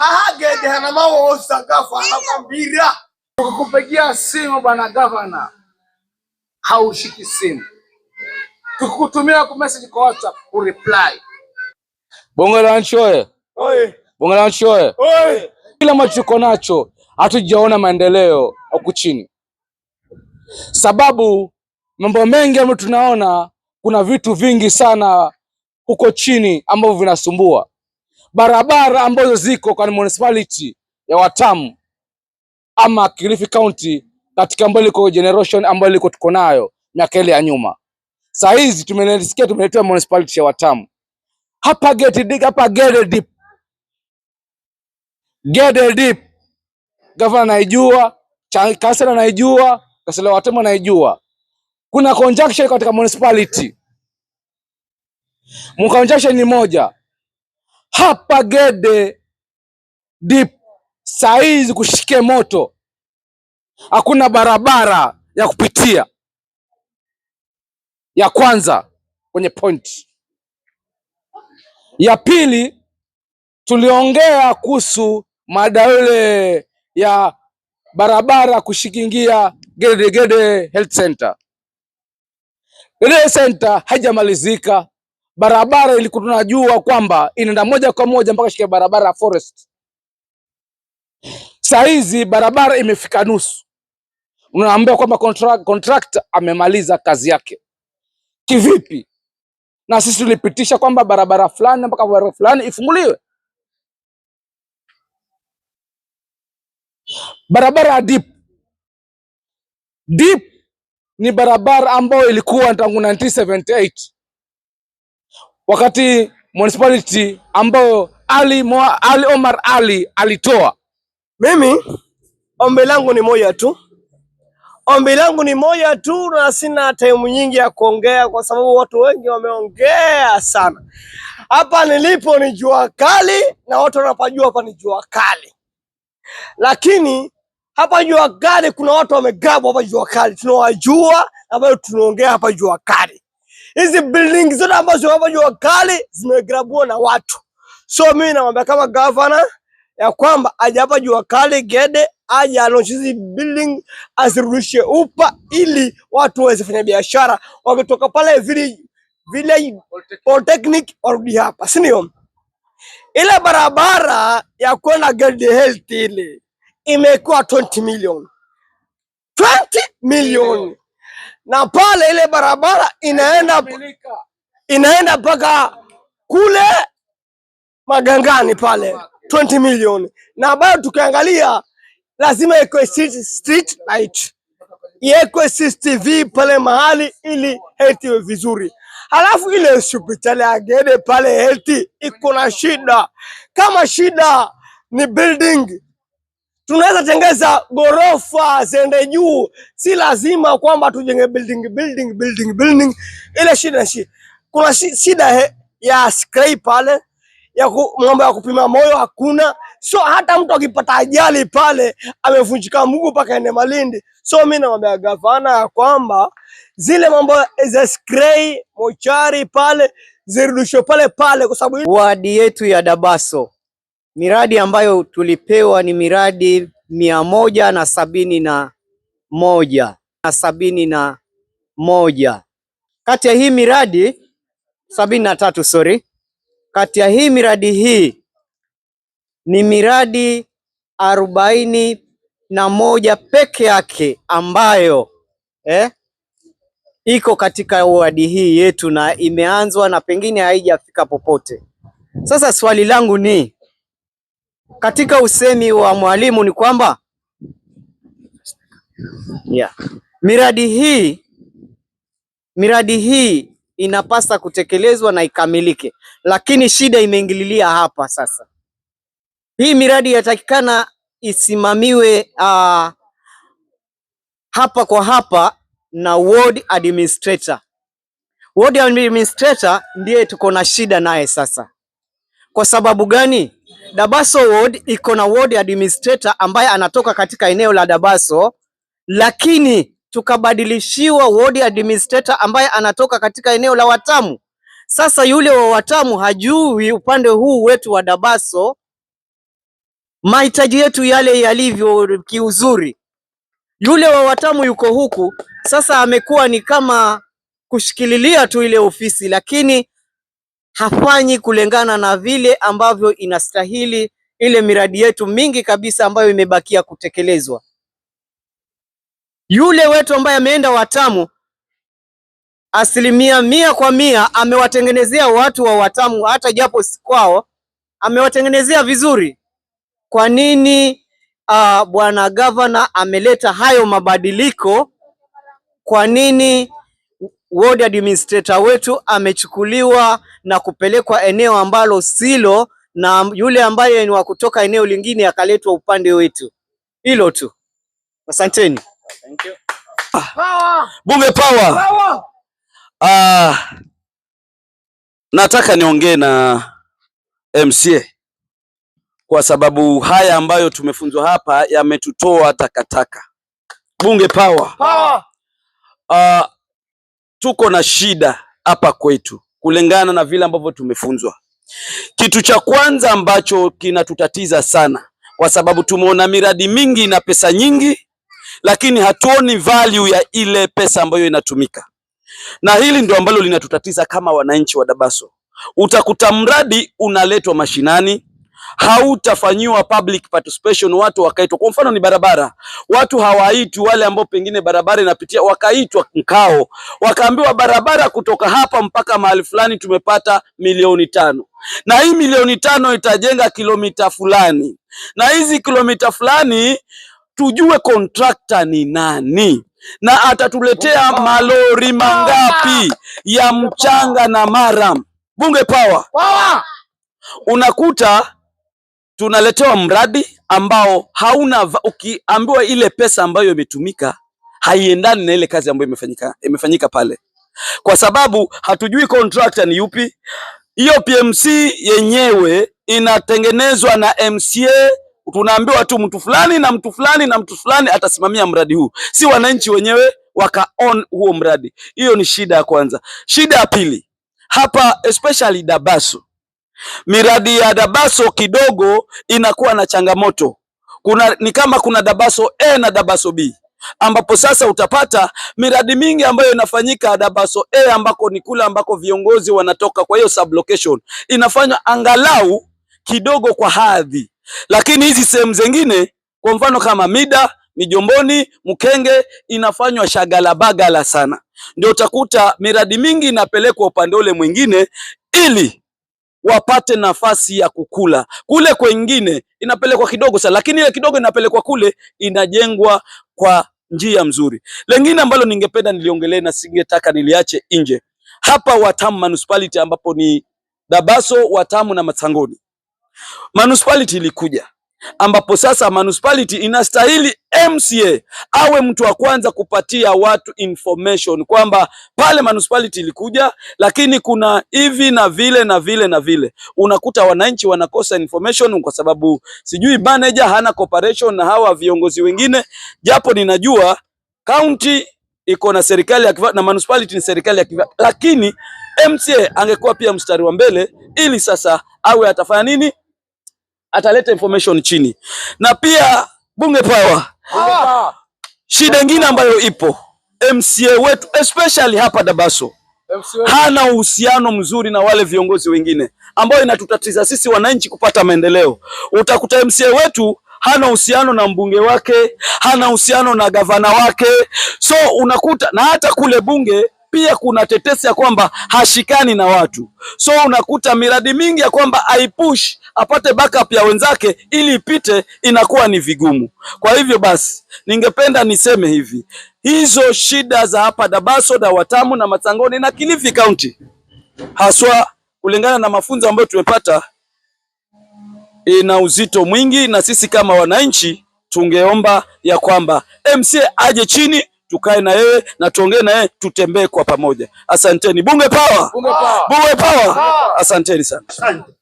hahagedehanama woza gavana kwambira tukukupigia simu bwana gavana, haushiki simu, tukutumia ku message kwa WhatsApp ku reply. Bonge la nchi oye! Bonge la nchi oye! Kila ambacho tuko nacho hatujaona maendeleo huku chini, sababu mambo mengi ambayo tunaona, kuna vitu vingi sana huko chini ambavyo vinasumbua barabara ambazo ziko kwa municipality ya Watamu ama Kilifi County katika ambayo liko generation ambayo liko tuko nayo miaka ile ya nyuma. Saa hizi tumenisikia tumeletewa municipality ya Watamu. Hapa get dig hapa get deep. get deep. Gavana anaijua, kansela anaijua, kansela Watamu anaijua, Kuna conjunction katika municipality. Mkonjunction ni moja hapa Gede Deep saizi kushike moto, hakuna barabara ya kupitia ya kwanza kwenye point ya pili, tuliongea kuhusu mada ya barabara kushikingia Gede Gede Health Center. Gede Health Center haijamalizika barabara ilikuwa tunajua kwamba inaenda moja kwa moja mpaka shika barabara ya forest. Saa hizi barabara imefika nusu, unaambiwa kwamba contract, contractor amemaliza kazi yake. Kivipi? na sisi tulipitisha kwamba barabara fulani mpaka barabara fulani ifunguliwe. Barabara ya deep deep ni barabara ambayo ilikuwa tangu 1978 wakati municipality ambao Ali, Moa, Ali Omar Ali alitoa. Mimi ombi langu ni moja tu, ombi langu ni moja tu, na sina time nyingi ya kuongea kwa sababu watu wengi wameongea sana. Hapa nilipo ni jua kali, na watu wanapajua hapa ni jua kali, lakini hapa jua kali kuna watu wamegabwa hapa jua kali, tunawajua ambayo tunaongea hapa jua kali hizi building zote ambazo hapa jua kali zimegrabua na watu. So mimi naomba kama governor ya kwamba aje hapa jua kali Gede, aje alonje hizi building azirudishe upa, ili watu waweze fanya biashara, wakitoka pale village village polytechnic warudi hapa, si ndio? Ile barabara ya kwenda Gede Health ile imekuwa 20 million 20 million na pale ile barabara inaenda inaenda mpaka kule Magangani pale 20 million, na bado tukiangalia, lazima iwe street light, iwe CCTV pale mahali, ili health iwe vizuri. Halafu ile hospitali ya Gede pale health iko na shida, kama shida ni building Tunaweza tengeza ghorofa zende juu, si lazima kwamba tujenge building building building building. Ile shida na shida, kuna shida ya skrei pale, ya mambo ya kupima moyo hakuna. So hata mtu akipata ajali pale amevunjika mguu mpaka ende Malindi. So mi namwambia gavana ya kwamba zile mambo za skrei mochari pale zirudishwe pale pale, kwa sababu wadi yetu ya Dabaso Miradi ambayo tulipewa ni miradi mia moja na sabini na moja na sabini na moja kati ya hii miradi sabini na tatu sorry, kati ya hii miradi hii ni miradi arobaini na moja peke yake ambayo eh, iko katika wadi hii yetu na imeanzwa na pengine haijafika popote. Sasa swali langu ni katika usemi wa mwalimu ni kwamba yeah, miradi hii miradi hii inapasa kutekelezwa na ikamilike, lakini shida imeingililia hapa sasa. Hii miradi yatakikana isimamiwe uh, hapa kwa hapa na ward administrator. Ward administrator ndiye tuko na shida naye sasa. Kwa sababu gani? Dabaso ward iko na ward administrator ambaye anatoka katika eneo la Dabaso, lakini tukabadilishiwa ward administrator ambaye anatoka katika eneo la Watamu. Sasa yule wa Watamu hajui upande huu wetu wa Dabaso mahitaji yetu yale yalivyo kiuzuri. Yule wa Watamu yuko huku, sasa amekuwa ni kama kushikililia tu ile ofisi, lakini hafanyi kulingana na vile ambavyo inastahili ile miradi yetu mingi kabisa ambayo imebakia kutekelezwa. Yule wetu ambaye ameenda Watamu, asilimia mia kwa mia amewatengenezea watu wa Watamu, hata japo si kwao, amewatengenezea vizuri. Kwa nini uh, bwana gavana ameleta hayo mabadiliko? Kwa nini ward administrator wetu amechukuliwa na kupelekwa eneo ambalo silo, na yule ambaye ni wa kutoka eneo lingine akaletwa upande wetu. Hilo tu, asanteni. Ah. Power. Bume power. Ah, nataka niongee na MCA kwa sababu haya ambayo tumefunzwa hapa yametutoa takataka. Bunge power. Power. Uh, tuko na shida hapa kwetu kulingana na vile ambavyo tumefunzwa. Kitu cha kwanza ambacho kinatutatiza sana, kwa sababu tumeona miradi mingi na pesa nyingi, lakini hatuoni value ya ile pesa ambayo inatumika, na hili ndio ambalo linatutatiza kama wananchi wa Dabaso. Utakuta mradi unaletwa mashinani, hautafanyiwa public participation, watu wakaitwa. Kwa mfano ni barabara, watu hawaitwi wale ambao pengine barabara inapitia, wakaitwa mkao, wakaambiwa barabara kutoka hapa mpaka mahali fulani tumepata milioni tano na hii milioni tano itajenga kilomita fulani, na hizi kilomita fulani tujue kontrakta ni nani na atatuletea malori mangapi ya mchanga na maram. Bunge pawa, unakuta tunaletewa mradi ambao hauna, ukiambiwa ile pesa ambayo imetumika haiendani na ile kazi ambayo imefanyika, imefanyika pale, kwa sababu hatujui contractor ni yupi. Hiyo PMC yenyewe inatengenezwa na MCA tunaambiwa tu mtu fulani na mtu fulani na mtu fulani atasimamia mradi huu, si wananchi wenyewe waka on huo mradi. Hiyo ni shida ya kwanza. Shida ya pili hapa, especially Dabasu Miradi ya Dabaso kidogo inakuwa na changamoto. Kuna ni kama kuna Dabaso A na Dabaso B ambapo sasa utapata miradi mingi ambayo inafanyika Dabaso A ambako ni kula ambako viongozi wanatoka. Kwa hiyo sublocation inafanywa angalau kidogo kwa hadhi, lakini hizi sehemu zingine, kwa mfano kama Mida, Mijomboni, Mkenge, inafanywa bagala sana, ndio utakuta miradi mingi inapelekwa upande ule mwingine ili wapate nafasi ya kukula. Kule kwengine inapelekwa kidogo sana, lakini ile kidogo inapelekwa kule inajengwa kwa njia mzuri. Lengine ambalo ningependa niliongelee na singetaka niliache nje hapa, Watamu Municipality ambapo ni Dabaso, Watamu na Matangoni Municipality ilikuja ambapo sasa municipality inastahili MCA awe mtu wa kwanza kupatia watu information kwamba pale municipality ilikuja, lakini kuna hivi na vile na vile na vile. Unakuta wananchi wanakosa information kwa sababu sijui manager hana cooperation na hawa viongozi wengine, japo ninajua county iko na serikali ya na municipality ni serikali ya kiva, lakini MCA angekuwa pia mstari wa mbele, ili sasa awe atafanya nini, ataleta information chini na pia Bunge power. Shida ingine ambayo ipo MCA wetu especially hapa Dabaso hana uhusiano mzuri na wale viongozi wengine ambao inatutatiza sisi wananchi kupata maendeleo. Utakuta MCA wetu hana uhusiano na mbunge wake, hana uhusiano na gavana wake, so unakuta na hata kule bunge pia kuna tetesi ya kwamba hashikani na watu, so unakuta miradi mingi ya kwamba aipush apate backup ya wenzake ili ipite, inakuwa ni vigumu. Kwa hivyo basi, ningependa niseme hivi, hizo shida za hapa Dabasoda, Watamu na Matangoni na Kilifi County haswa, kulingana na mafunzo ambayo tumepata, ina uzito mwingi, na sisi kama wananchi tungeomba ya kwamba MCA aje chini tukae na yeye na tuongee na yeye, tutembee kwa pamoja. Asanteni bunge power, bunge power. Asanteni sana. Asante.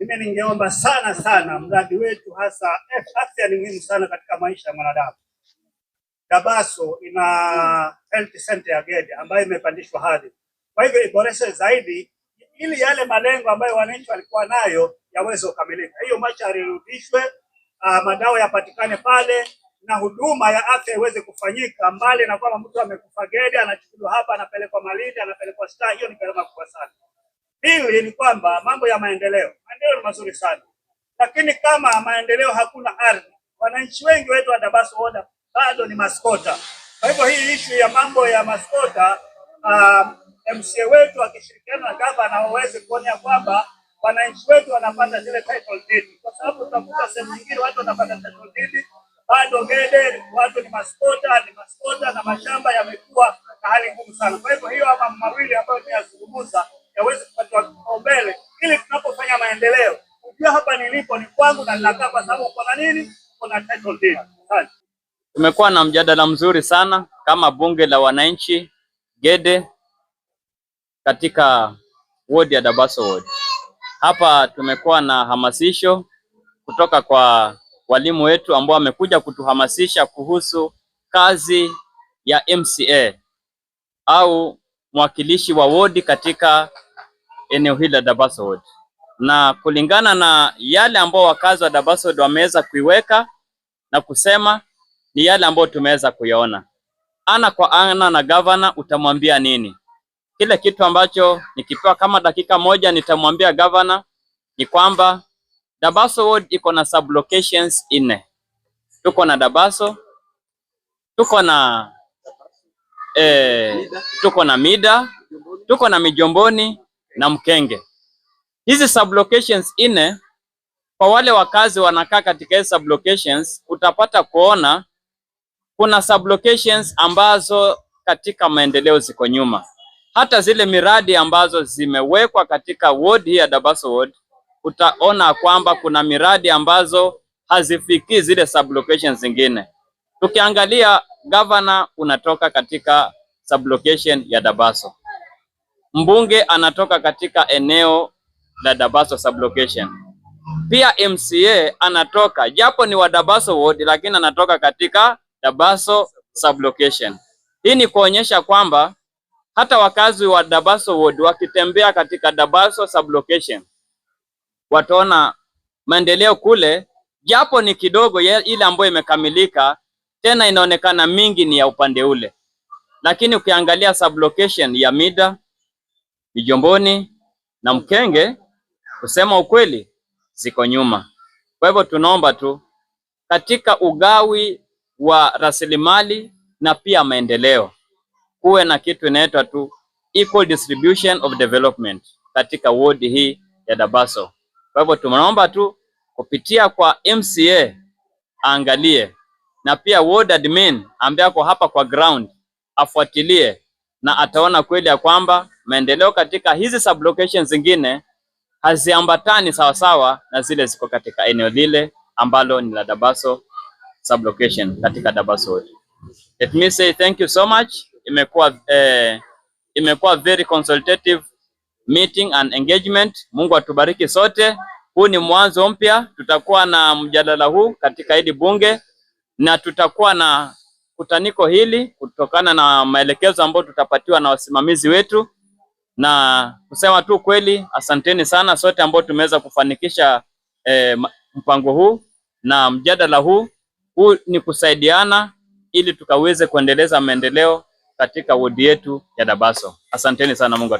Mimi ningeomba sana sana mradi wetu hasa eh, afya ni muhimu sana katika maisha ya mwanadamu. Dabaso ina health center ya Gede ambayo imepandishwa hadhi, kwa hivyo iboreshe zaidi ili yale malengo ambayo wananchi walikuwa nayo yaweze kukamilika. Hiyo macha yarudishwe, uh, ah, madawa yapatikane pale na huduma ya afya iweze kufanyika, mbali na kwamba mtu amekufa Gede anachukuliwa hapa anapelekwa Malindi anapelekwa Star. Hiyo ni gharama kubwa sana. Pili ni kwamba mambo ya maendeleo, maendeleo ni mazuri sana, lakini kama maendeleo hakuna ardhi, wananchi wengi wetu wa Dabaso Oda bado ni maskota. Kwa hivyo hii ishu ya mambo ya maskota uh, um, MCA wetu akishirikiana na gavana waweze kuona kwamba wananchi wetu wanapata zile title deed, kwa sababu tutakuta sehemu nyingine watu wanapata title deed Mede, watu ni maskota, ni maskota na mashamba yamekuwa na hali ngumu sana. Kwa hivyo hiyo hapa mawili ambayo nimeyazungumza yaweze kupatiwa kipaumbele ili tunapofanya maendeleo. Ujua hapa nilipo ni kwangu na ninakaa kwa sababu kuna nini? Kuna title deed. Tumekuwa na mjadala mzuri sana kama bunge la wananchi Gede katika wodi ya Dabaso ward. Hapa tumekuwa na hamasisho kutoka kwa walimu wetu ambao wamekuja kutuhamasisha kuhusu kazi ya MCA au mwakilishi wa wodi katika eneo hili la Dabaso Ward, na kulingana na yale ambao wakazi wa Dabaso Ward wameweza kuiweka na kusema, ni yale ambayo tumeweza kuyaona ana kwa ana na gavana. Utamwambia nini? Kile kitu ambacho nikipewa kama dakika moja nitamwambia gavana ni kwamba Dabaso ward iko na sublocations nne. Tuko na Dabaso, tuko na eh, tuko na Mida, tuko na Mijomboni na Mkenge. Hizi sublocations nne, kwa wale wakazi wanakaa katika hizi sublocations, utapata kuona kuna sublocations ambazo katika maendeleo ziko nyuma. Hata zile miradi ambazo zimewekwa katika ward hii ya Dabaso ward utaona kwamba kuna miradi ambazo hazifikii zile sublocations zingine. Tukiangalia governor unatoka katika sublocation ya Dabaso, mbunge anatoka katika eneo la Dabaso sublocation, pia MCA anatoka japo ni wa Dabaso ward, lakini anatoka katika Dabaso sublocation. Hii ni kuonyesha kwamba hata wakazi wa Dabaso ward wakitembea katika Dabaso sublocation wataona maendeleo kule, japo ni kidogo ile ambayo imekamilika, tena inaonekana mingi ni ya upande ule. Lakini ukiangalia sublocation ya Mida, Mijomboni na Mkenge, kusema ukweli, ziko nyuma. Kwa hivyo tunaomba tu katika ugawi wa rasilimali na pia maendeleo kuwe na kitu inaitwa tu equal distribution of development katika wodi hii ya Dabaso. Kwa hivyo tunaomba tu kupitia kwa MCA aangalie na pia ward admin ambaye ako hapa kwa ground afuatilie, na ataona kweli ya kwamba maendeleo katika hizi sublocations zingine haziambatani sawasawa na zile ziko katika eneo lile ambalo ni la Dabaso sublocation katika Dabaso Let me say thank you so much. Imekuwa eh, imekuwa very consultative meeting and engagement. Mungu atubariki sote. Huu ni mwanzo mpya, tutakuwa na mjadala huu katika hili bunge na tutakuwa na kutaniko hili kutokana na maelekezo ambayo tutapatiwa na wasimamizi wetu, na kusema tu kweli, asanteni sana sote ambao tumeweza kufanikisha eh, mpango huu na mjadala huu. Huu ni kusaidiana ili tukaweze kuendeleza maendeleo katika wodi yetu ya Dabaso. Asanteni sana Mungu